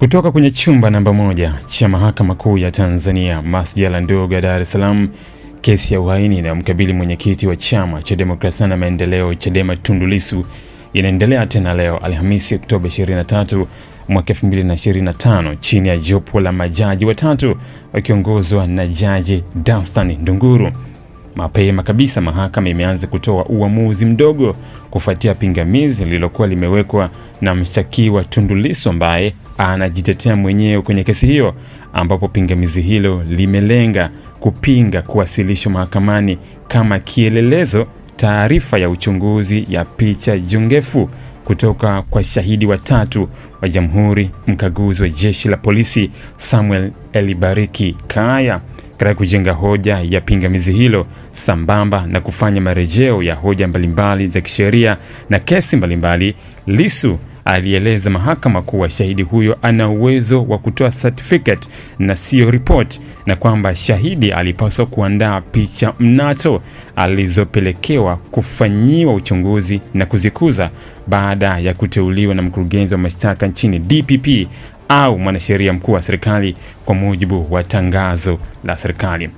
Kutoka kwenye chumba namba moja cha Mahakama Kuu ya Tanzania, masjala ndogo ya Dar es Salaam, kesi ya uhaini inayomkabili mwenyekiti wa Chama cha Demokrasia na Maendeleo Chadema Tundu Lissu inaendelea tena leo Alhamisi, Oktoba 23 mwaka 2025 chini ya jopo la majaji watatu wakiongozwa na Jaji dastan Ndunguru. Mapema kabisa mahakama imeanza kutoa uamuzi mdogo kufuatia pingamizi lililokuwa limewekwa na mshtakiwa Tundu Lissu ambaye anajitetea mwenyewe kwenye kesi hiyo, ambapo pingamizi hilo limelenga kupinga kuwasilishwa mahakamani kama kielelezo taarifa ya uchunguzi ya picha jongefu kutoka kwa shahidi watatu wa Jamhuri, mkaguzi wa jeshi la polisi Samuel Elibariki Kaya, katika kujenga hoja ya pingamizi hilo sambamba na kufanya marejeo ya hoja mbalimbali za kisheria na kesi mbalimbali, lisu alieleza mahakama kuwa shahidi huyo ana uwezo wa kutoa certificate na sio report, na kwamba shahidi alipaswa kuandaa picha mnato alizopelekewa kufanyiwa uchunguzi na kuzikuza baada ya kuteuliwa na mkurugenzi wa mashtaka nchini DPP au mwanasheria mkuu wa serikali kwa mujibu wa tangazo la serikali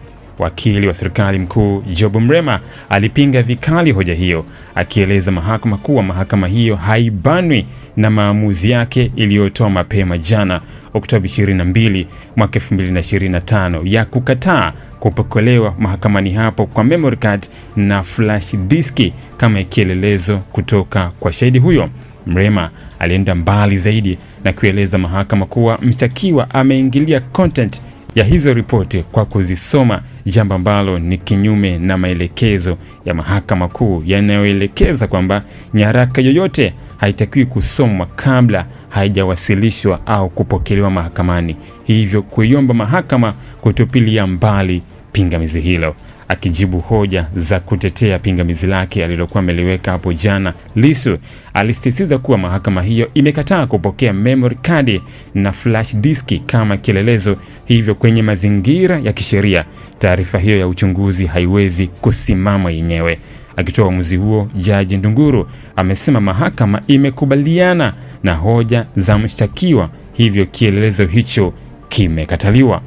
wakili wa serikali mkuu Job Mrema alipinga vikali hoja hiyo, akieleza mahakama kuwa mahakama hiyo haibanwi na maamuzi yake iliyotoa mapema jana Oktoba 22 mwaka 2025 ya kukataa kupokelewa mahakamani hapo kwa memory card na flash diski kama kielelezo kutoka kwa shahidi huyo. Mrema alienda mbali zaidi na kueleza mahakama kuwa mshtakiwa ameingilia content ya hizo ripoti kwa kuzisoma, jambo ambalo ni kinyume na maelekezo ya Mahakama Kuu yanayoelekeza kwamba nyaraka yoyote haitakiwi kusomwa kabla haijawasilishwa au kupokelewa mahakamani, hivyo kuiomba mahakama kutupilia mbali pingamizi hilo. Akijibu hoja za kutetea pingamizi lake alilokuwa ameliweka hapo jana, lisu alisisitiza kuwa mahakama hiyo imekataa kupokea memory card na flash diski kama kielelezo, hivyo kwenye mazingira ya kisheria taarifa hiyo ya uchunguzi haiwezi kusimama yenyewe. Akitoa uamuzi huo, Jaji Ndunguru amesema mahakama imekubaliana na hoja za mshtakiwa, hivyo kielelezo hicho kimekataliwa.